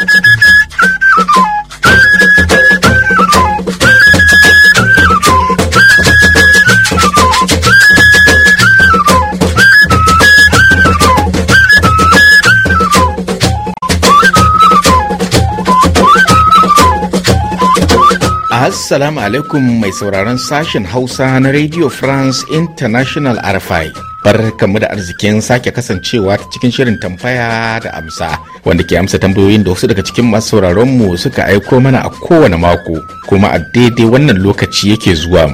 なんだ Assalamu alaikum mai sauraron sashen Hausa na Radio France International RFI. Barkamu da arzikin sake kasancewa ta cikin shirin tambaya da amsa wanda ke amsa tambayoyin da wasu daga cikin masu sauraronmu suka aiko mana a kowane mako kuma a daidai wannan lokaci yake zuwa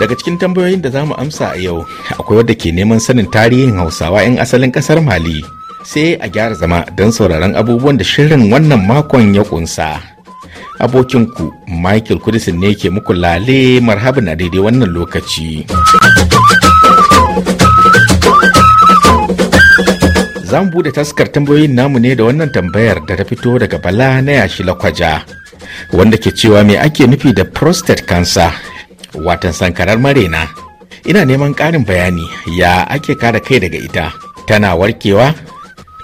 Daga cikin tambayoyin da za mu amsa a yau akwai wadda ke neman sanin tarihin Hausawa 'yan asalin ƙasar Mali. sai a gyara zama don sauraron abubuwan da shirin wannan makon ya kunsa. Abokinku Michael Kudisin ne ke muku lale marhaban na daidai wannan lokaci. Za mu bude taskar tambayoyin namu ne da wannan tambayar da ta fito daga Bala na yashi lakwaja, wanda ke cewa me ake nufi da prostate cancer, watan sankarar marena. Ina neman ƙarin bayani ya ake kare kai daga ita, tana warkewa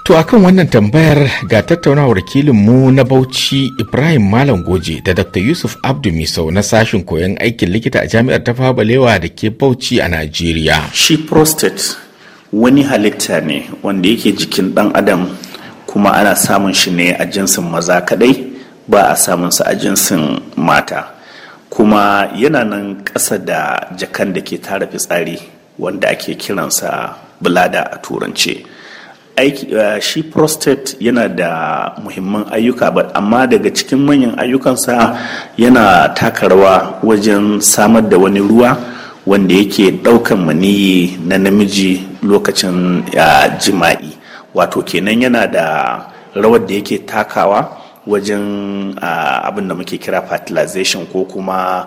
To akan wannan tambayar ga tattaunawar mu na Bauchi Ibrahim Malam Goje da Dr. Yusuf Abdu Misau na sashin koyon aikin likita a jami'ar ta da ke Bauchi a Najeriya. Shi prostate wani halitta ne wanda yake jikin ɗan adam kuma ana samun shi ne a jinsin maza kadai ba a samun sa a jinsin mata. Kuma yana nan ƙasa da jakan da ke tara fitsari wanda ake kiransa bulada a turance. aiki eh, shi prostate yana da muhimman ayyuka amma daga cikin manyan ayyukansa yana taka rawa wajen samar da wani ruwa wanda yake ɗaukan maniyi na namiji lokacin jima'i wato kenan yana da rawar da yake takawa wajen abin da muke kira fertilization ko kuma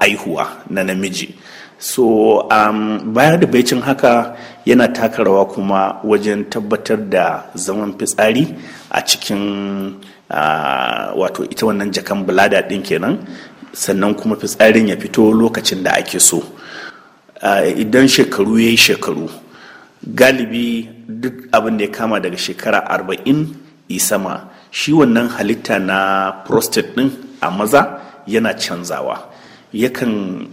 aihuwa na namiji so um, bayar da baicin haka yana taka rawa kuma wajen tabbatar da zaman fitsari a cikin wato ita wannan jakan bulada ɗin kenan sannan kuma fitsarin ya fito lokacin da ake so idan shekaru ya yi shekaru galibi duk abin da ya kama daga shekara arba'in isama shi wannan halitta na prostate ɗin a maza yana canzawa yakan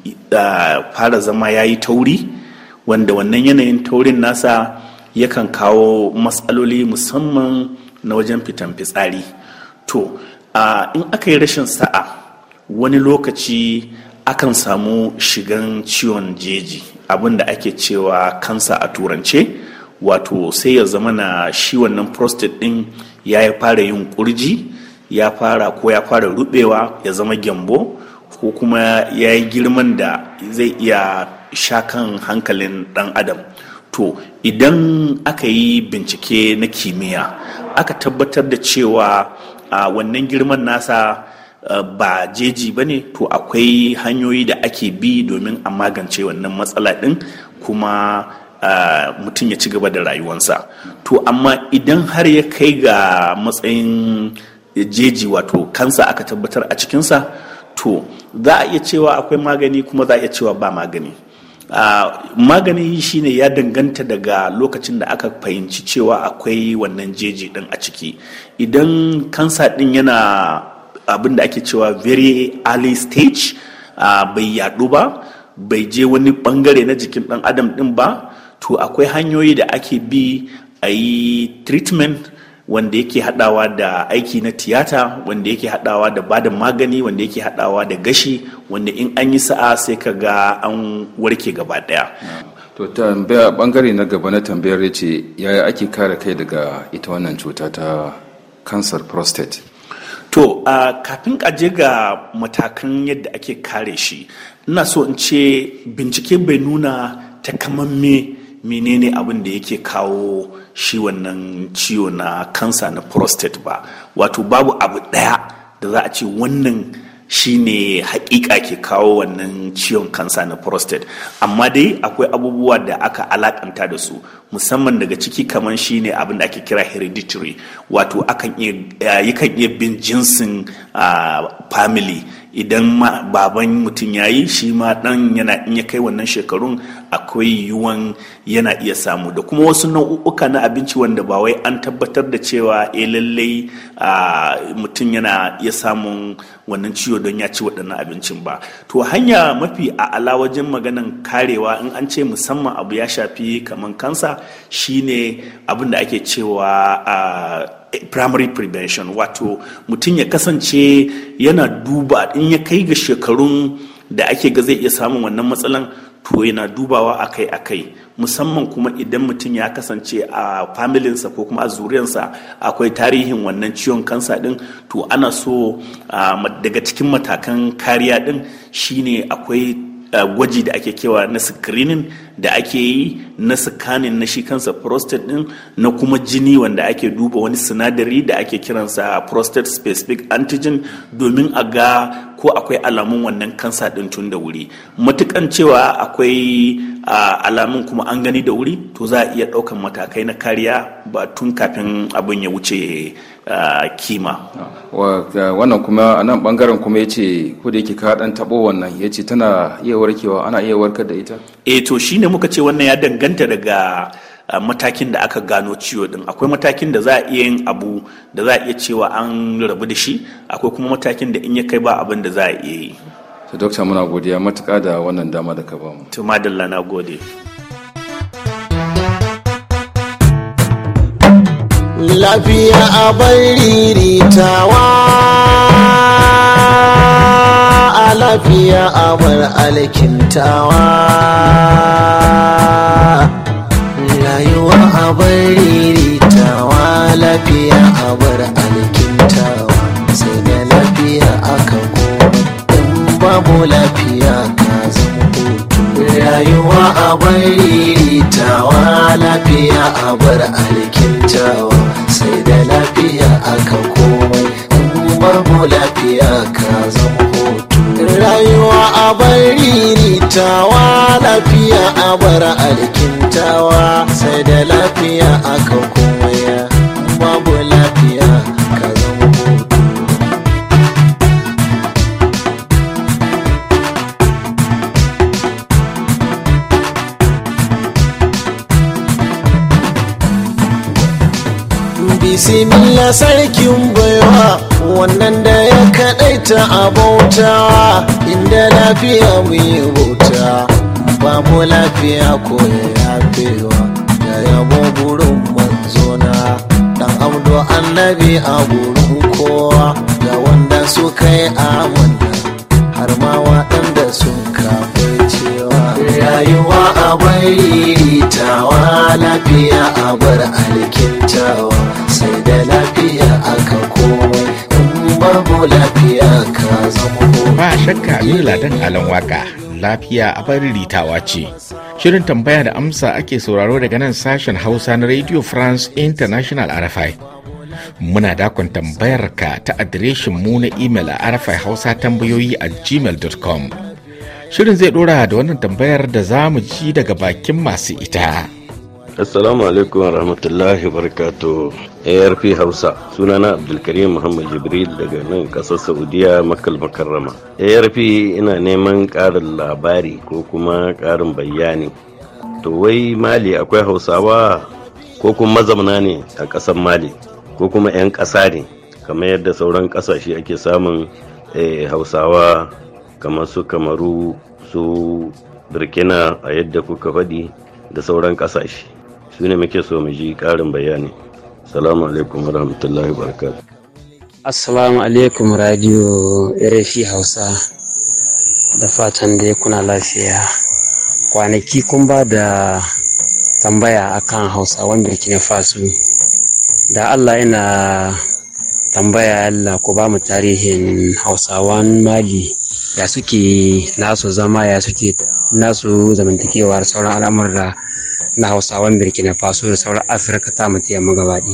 fara zama ya yi tauri wanda wannan yanayin taurin nasa yakan kawo matsaloli musamman na wajen fitan fitsari to in aka yi rashin sa'a wani lokaci akan samu shigan ciwon jeji abin da ake cewa kansa a turance wato sai ya zama na shi wannan prostate din ya fara yin ƙurji ya fara ko ya fara rubewa ya zama gyambo ko kuma ya yi girman da zai iya shakan hankalin ɗan adam to idan aka yi bincike na kimiyya aka tabbatar da cewa a wannan girman nasa ba jeji ba ne to akwai hanyoyi da ake bi domin a magance wannan matsala ɗin kuma mutum ya ci gaba da rayuwansa to amma idan har ya kai ga matsayin jeji wato kansa aka tabbatar a cikinsa to za a iya cewa akwai magani kuma za a iya cewa ba magani magani shine ya danganta daga lokacin da aka fahimci cewa akwai wannan jeji din a ciki idan kansa din yana abin da ake cewa very early stage bai yadu ba bai je wani bangare na jikin ɗan adam din ba to akwai hanyoyi da ake bi a yi treatment wanda yake haɗawa da aiki na tiyata wanda yake haɗawa da bada magani wanda yake haɗawa da gashi wanda in an yi sa'a sai ka ga an warke gaba ɗaya to tambaya bangare na gaba na tambayar ya ce yaya ake kare kai daga ita wannan cuta ta kansar prostate to uh, kafin kaje ga matakan yadda ake kare shi ina so in ce bincike bai nuna takamamme menene abin da yake kawo shi wannan ciwo na kansa na prostate ba wato babu abu ɗaya da za a ce wannan shi ne hakika ke kawo wannan ciwon kansa na prostate amma dai akwai abubuwa da aka alakanta da su musamman daga ciki kamar ne abin da ake kira hereditary wato akan iya eh, bin jinsin ah, family idan baban mutum ya yi shi ma dan yana in ya kai wannan shekarun akwai yiwuwan yana iya samu da kuma wasu nau'uka na abinci wanda ba wai an tabbatar da cewa e lallai mutum yana iya samun wannan ciwo don ya ci waɗannan abincin ba to hanya mafi a a'ala wajen maganan karewa in an ce musamman abu ya shafi kaman kansa shine abin da ake cewa primary prevention wato mutum ya kasance yana duba in ya kai ga shekarun da ake ga zai iya samun wannan matsalan to yana dubawa akai-akai musamman kuma idan mutum ya kasance a familinsa ko kuma a zuriyarsa akwai tarihin wannan ciwon kansa din to ana so ah, daga cikin matakan kariya din shine akwai gwaji da ake kewa na screening da ake yi na scanning na shi kansa prostate din na kuma jini wanda ake duba wani sinadari da ake kiransa prostate specific antigen domin a ga ko akwai alamun wannan kansa din tun da wuri matukan cewa akwai alamun kuma an gani da wuri to za a iya ɗaukan matakai na kariya ba tun kafin abin ya wuce kima wannan kuma a nan bangaren kuma ya ce ko da yake kaɗan taɓo wannan ya ce tana iya warkewa ana iya warkar da ita e to ne muka ce wannan ya danganta daga matakin da aka gano ciwo din akwai matakin da za a iya yin abu da za a iya cewa an rabu da shi akwai kuma matakin da in ya kai ba abin da za a iya yi to dokta muna godiya matuƙa da wannan dama da ka bamu to madalla na gode lafiya a riritawa a lafiya a bar alkintawa rayuwa a riritawa lafiya a bar alkintawa lafiya ka zamo rayuwa a bari tawa lafiya a bar alkintawa sai da lafiya aka komai babu lafiya ka zamo rayuwa a bari tawa lafiya a bar alkintawa sai da lafiya aka komai bismillah sarkin baiwa wannan da ya kaɗaita a bautawa inda lafiya mu yi bauta ba mu lafiya ko ya yafewa da yabo gurin manzona dan abdo annabi a gurin kowa ga wanda suka yi amana har ma waɗanda sun kafa cewa rayuwa a bai tawa lafiya a bar alkintawa sai da lafiya aka ka ba shakka waka lafiya a riritawa ce shirin tambaya da amsa ake sauraro daga nan sashen hausa na radio france international rfi muna dakon tambayar ka ta adireshin mu na imel a rfi hausa tambayoyi a gmail.com shirin zai dora da wannan tambayar da za mu ji daga bakin masu ita assalamu alaikum rahmatullahi barkatu arp hausa sunana abdulkarim muhammad jibril daga nan kasar saudiya makal makarrama arp ina neman ƙarin labari ko kuma ƙarin bayani to wai mali akwai hausawa ko kuma mazauna ne a ƙasar mali ko kuma 'yan ƙasa ne kamar yadda sauran kasashe ake samun eh, hausawa kamar su kamaru su burkina a yadda kuka faɗi da sauran ƙasashe su ne muke so mu ji ƙarin bayani Salamu alaikum warahmatullahi wabarakatuh. Assalamu alaikum radio RFI Hausa da fatan dai kuna lafiya. Kwanaki kun ba da tambaya akan Hausa wanda Burkina Faso. Da Allah yana tambaya Allah ku ba mu tarihin Hausawan Mali ya suke nasu zama ya suke nasu zamantakewar sauran al'amurra na hausawan na faso da sauran afirka ta mutu yamma gabaɗi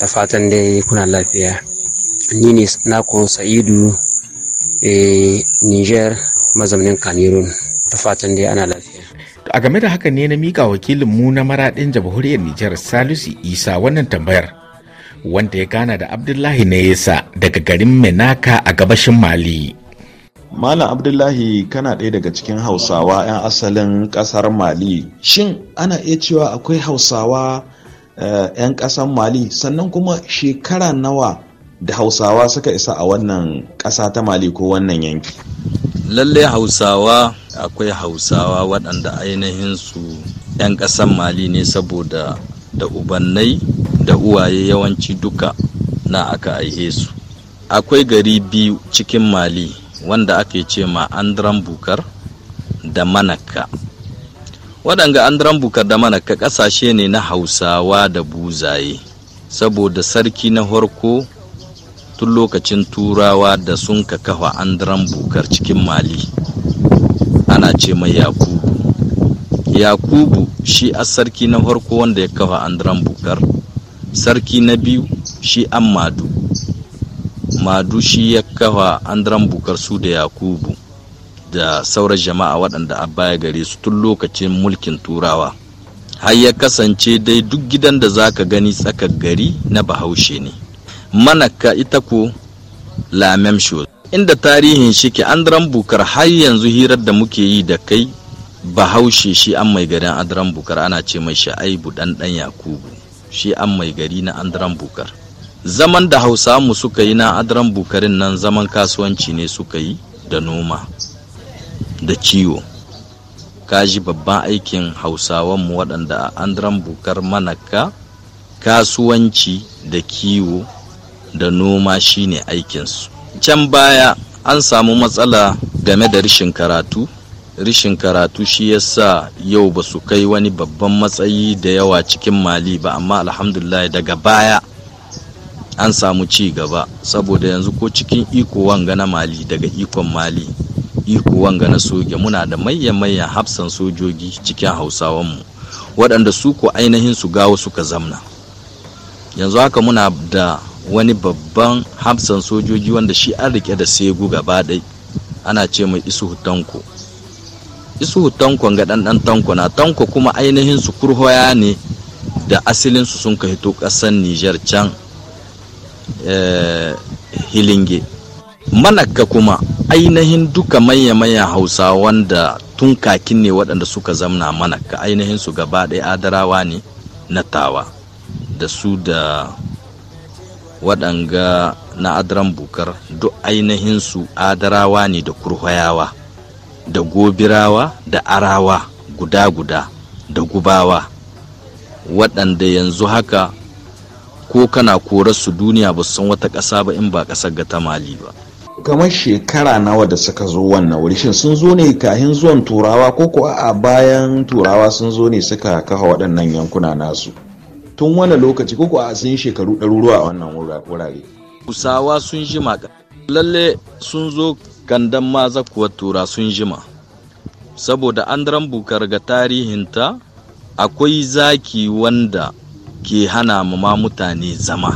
da fatan dai kuna lafiya ni ne nako sa'idu eh, niger mazaunin cameroon Ta fatan dai ana lafiya a game da haka ne na mika wakilin mu na maraɗin jamhuriyar niger salisu isa wannan tambayar wanda ya gana da abdullahi na yasa daga garin menaka a gabashin mali Malam Abdullahi kana ɗaya daga cikin Hausawa 'yan asalin ƙasar Mali. Shin ana iya cewa akwai Hausawa eh, 'yan ƙasar Mali sannan kuma shekara nawa da Hausawa suka isa a wannan ƙasa ta Mali ko wannan yanki? Lallai Hausawa akwai Hausawa waɗanda ainihin su 'yan ƙasar Mali ne saboda da ubannai da uwaye yawanci duka na aka aihe su. Akwai gari biyu cikin Mali. wanda ake ce ma andran bukar da manaka waɗanga andran bukar da manaka ƙasashe ne na hausawa da buzaye saboda sarki na horko tun lokacin turawa da sun ka kafa andran bukar cikin mali ana ce mai yakubu yakubu shi a sarki na horko wanda ya kafa andran bukar sarki na biyu shi ammadu madu shi ya kafa andran bukar su da yakubu da sauran jama'a waɗanda a baya gare su tun lokacin mulkin turawa har ya kasance dai duk gidan da za ka gani tsakar gari na bahaushe ne manaka ita ko lamem inda tarihin shi ke andran bukar har yanzu hirar da muke yi da kai bahaushe shi an mai garin andran bukar ana ce mai sha'aibu ɗanɗan yakubu shi an mai gari na andran bukar zaman da hausa mu suka yi na adran bukarin nan zaman kasuwanci ne suka yi da noma da ciwo kaji babban aikin mu waɗanda a andran bukar manaka kasuwanci da kiwo da noma shine aikinsu can baya an samu matsala game da rishin karatu rishin karatu shi yasa yau ba su kai wani babban matsayi da yawa cikin mali ba amma alhamdulillah daga baya an samu ci gaba saboda yanzu ko cikin iko wanga na mali daga ikon mali iko wanga na soja muna da maye-maye hafsan sojoji cikin hausawanmu waɗanda su ko ainihin su gawo suka zamna yanzu haka muna da wani babban hafsan sojoji wanda shi an rike da segu gaba ɗai ana ce mai isu tanko isu tanko ga ɗanɗan tanko na tanko kuma ainihin su kurhoya ne da asilin sun ka hito ƙasar nijar can Eh, hilinge manakka kuma ainihin duka manya manya hausa wanda tun kakin ne waɗanda suka zamna manakka ainihin su gaba ɗaya adarawa ne na tawa da su da waɗanga na adaran bukar duk ainihin su adarawa ne da kurhayawa da gobirawa da arawa guda-guda da gubawa waɗanda yanzu haka ko kana korar su duniya ba san wata ƙasa ba in ba ƙasar ga ta mali ba kamar shekara nawa da suka zo wannan wuri shin sun zo ne kahin zuwan turawa ko ko a bayan turawa sun zo ne suka kafa waɗannan yankuna nasu tun wani lokaci ko ko a sun shekaru ɗaruruwa a wannan wurare kusawa sun jima lalle sun zo gandan maza kuwa tura sun jima saboda an bukar ga tarihinta akwai zaki wanda ke hana ma mutane zama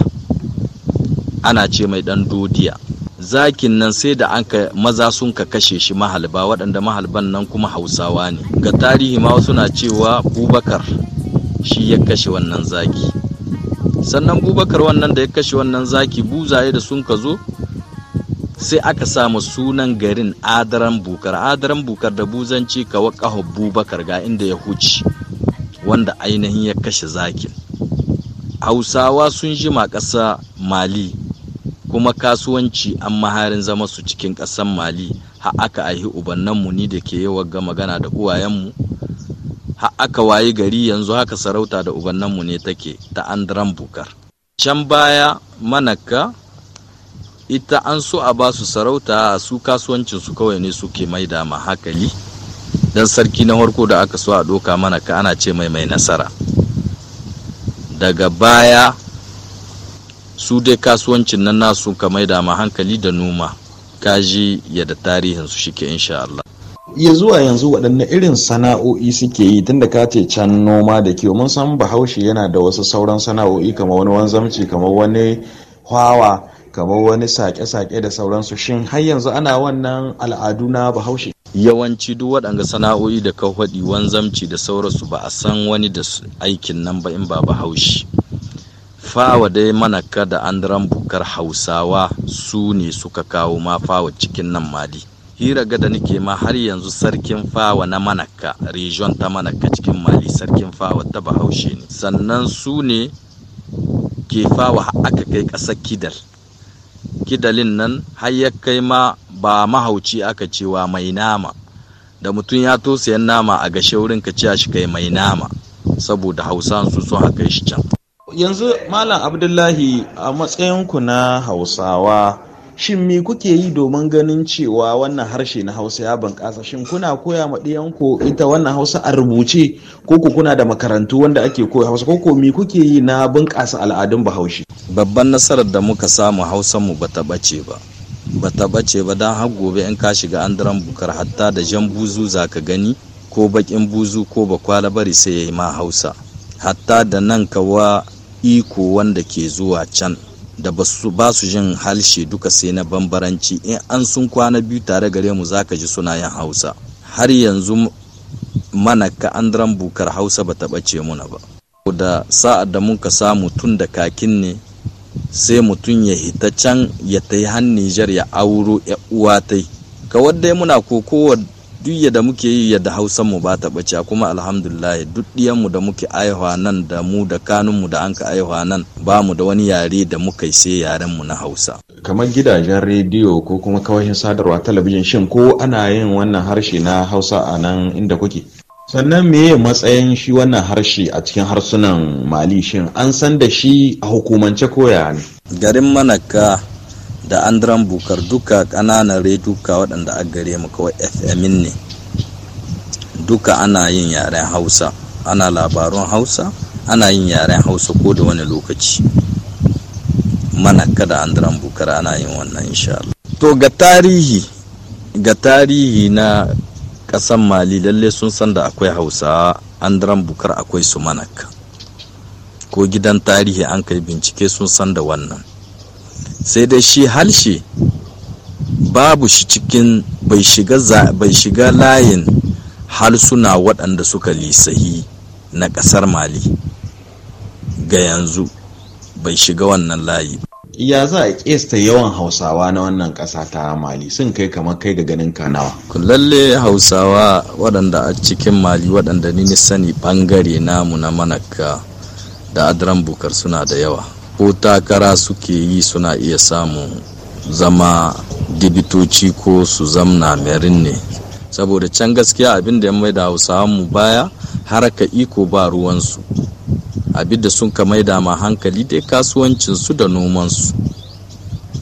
ana ce mai dan dodiya zakin nan sai da an maza sun ka kashe shi mahalba waɗanda mahalban nan kuma hausawa ne ga tarihi ma suna cewa bubakar shi ya kashe wannan zaki sannan bubakar wannan da ya kashe wannan zaki buzaye da sun ka zo sai aka samu sunan garin adaran bukar adaran bukar da buzanci kawa bubakar ga inda ya huci wanda ainihin ya kashe zakin hausawa sun jima ƙasa mali kuma kasuwanci an maharin zama su cikin ƙasar mali ha aka aihi ubannanmu ni da ke ga magana da uwayenmu ha aka wayi gari yanzu haka sarauta da ubannanmu ne take ta andran bukar can baya manaka ita an so a ba su sarauta su kasuwancinsu kawai ne suke maida ma hakali dan sarki na farko da aka so a doka manaka ana ce mai mai nasara daga baya su dai kasuwancin nan nasu ka maida ma hankali da noma kaji da tarihin su shike insha Allah ya zuwa yanzu waɗanne irin sana'o'i suke yi tunda ka ce can noma da kiwo mun san bahaushe yana da wasu sauran sana'o'i kamar wani wanzamci kamar wani hawa kamar wani sake-sake da sauransu shin har yanzu ana wannan al'adu na bahaushe yawanci duk waɗanga sana'o'i da kahwaɗi wanzamci da sauransu ba a san wani da aikin nan ba in ba bahaushe fawa dai manaka da andran bukar hausawa su ne suka kawo ma fawa cikin nan mali hira gada nike ma har yanzu sarkin fawa na manaka region ta manaka cikin mali sarkin fawa ta bahaushe ne sannan su ne ke fawa aka kai ƙasar kidal kidalin nan har ya kai ma ba mahauci aka cewa mai nama da mutum ya to nama a gashe wurin ka ciya shi kai mai nama saboda hausa su sun haka shi can yanzu malam abdullahi a matsayinku na hausawa shin me kuke yi domin ganin cewa wannan harshe na hausa ya bunƙasa shin kuna koya ma ɗiyanku ita wannan hausa a rubuce ko ku kuna da makarantu wanda ake koya hausa ko me kuke yi na bunƙasa al'adun bahaushe babban nasarar da muka samu hausanmu ba ta bace ba ba ta ɓace ba don har gobe in ka shiga an daren bukar hatta da jan buzu za ka gani ko baƙin buzu ko ba kwala bari sai ya yi ma hausa hatta da nan kawa iko wanda ke zuwa can da ba su jin halshe duka sai na bambaranci in an sun kwana biyu tare gare mu za ka ji suna yin hausa har yanzu mana ka an daren bukar hausa ba ta ɓace muna ba da sa'ad da muka samu tun da kakin ne sai mutum ya hita can ya ta yi han Nijar ya auro ya uwa ta yi kawar dai muna wa duk yadda muke yi yadda hausa mu ba ta bace kuma alhamdulillah duk mu da muke aihuwa nan da mu da kanun mu da an ka aihuwa nan ba mu da wani yare da muka yi sai yaren mu na hausa kamar gidajen rediyo ko kuma kawashin sadarwa talabijin shin ko ana yin wannan harshe na hausa a nan inda kuke sannan meye matsayin shi wannan harshe a cikin harsunan mali shin an san da shi a hukumance koya ne garin manaka da andran bukar duka ƙananan reduka waɗanda a gare mu kawai fm ne duka ana yin yaren hausa ana labarun hausa ana yin yaren hausa ko da wani lokaci manaka da andran bukar ana yin wannan insha to ga tarihi ga tarihi na kasan mali lalle sun san da akwai hausa daren bukar akwai su manak ko gidan tarihi an kai bincike sun san da wannan sai dai shi halshe babu shi cikin bai shiga layin halsuna waɗanda suka lisahi na ƙasar mali ga yanzu bai shiga wannan layi ya za a kesta yawan hausawa na wannan ƙasa ta mali sun kai kamar kai da ganin kanawa Kullalle hausawa waɗanda a cikin mali waɗanda ni sani ɓangare namu na manaka da adran bukar suna da yawa ko takara suke yi suna iya samun zama dibitoci ko su zamna merin ne saboda can gaskiya abin da ya mai da hausawa mu baya haraka iko ba ruwansu abinda sun ka maida ma hankali dai kasuwancin su da su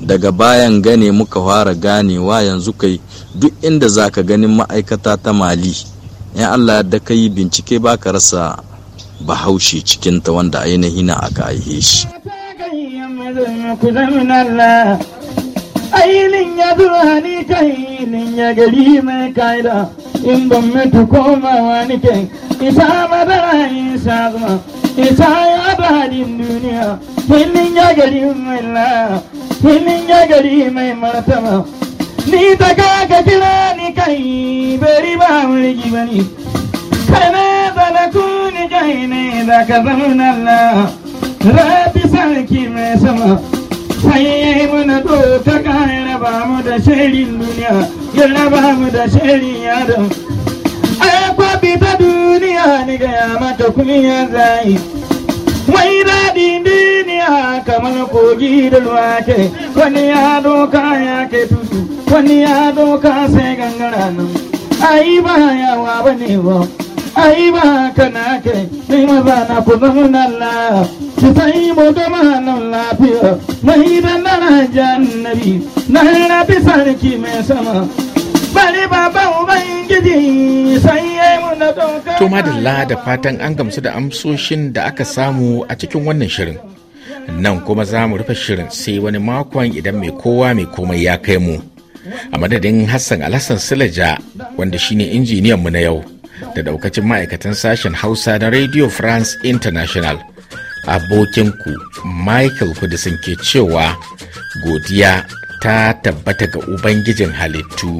daga bayan gane muka fara ganewa yanzu kai duk inda za ka ganin ma'aikata ta mali in allah da ka yi bincike ba ka rasa bahaushe cikinta wanda ainihin na aka aihe shi ainihin ya zuwa ni ta Isaya badin duniya filin ya gari mai la filin ya gari mai martaba ni ta ka kira ni kai bari ba mulki bane kana zana kuni kai ne da ka zauna la rabi sarki mai sama sai yayi mana doka ka raba mu da shirin duniya ya raba mu da shirin yadon kwabi ta duniya ni gaya mata kunya zai mai daɗin duniya kamar kogi da ruwa ke. wani ya doka ya ke tutu wani ya doka sai gangara nan ai ba yawa ba ne ba ai ba kana ke ni maza na ku zauna la ki sai mu gama nan lafiya mai da na jannabi na rabi sarki mai sama bari baba ubangiji sai da fatan an gamsu da amsoshin da aka samu a cikin wannan shirin nan kuma za mu rufe shirin sai wani makon idan mai kowa mai komai ya kai mu a madadin hassan alhassan silaja wanda shine injiniyan mu na yau da daukacin ma'aikatan sashen hausa na radio france international abokinku michael kudisin ke cewa godiya ta tabbata ga Ubangijin halittu.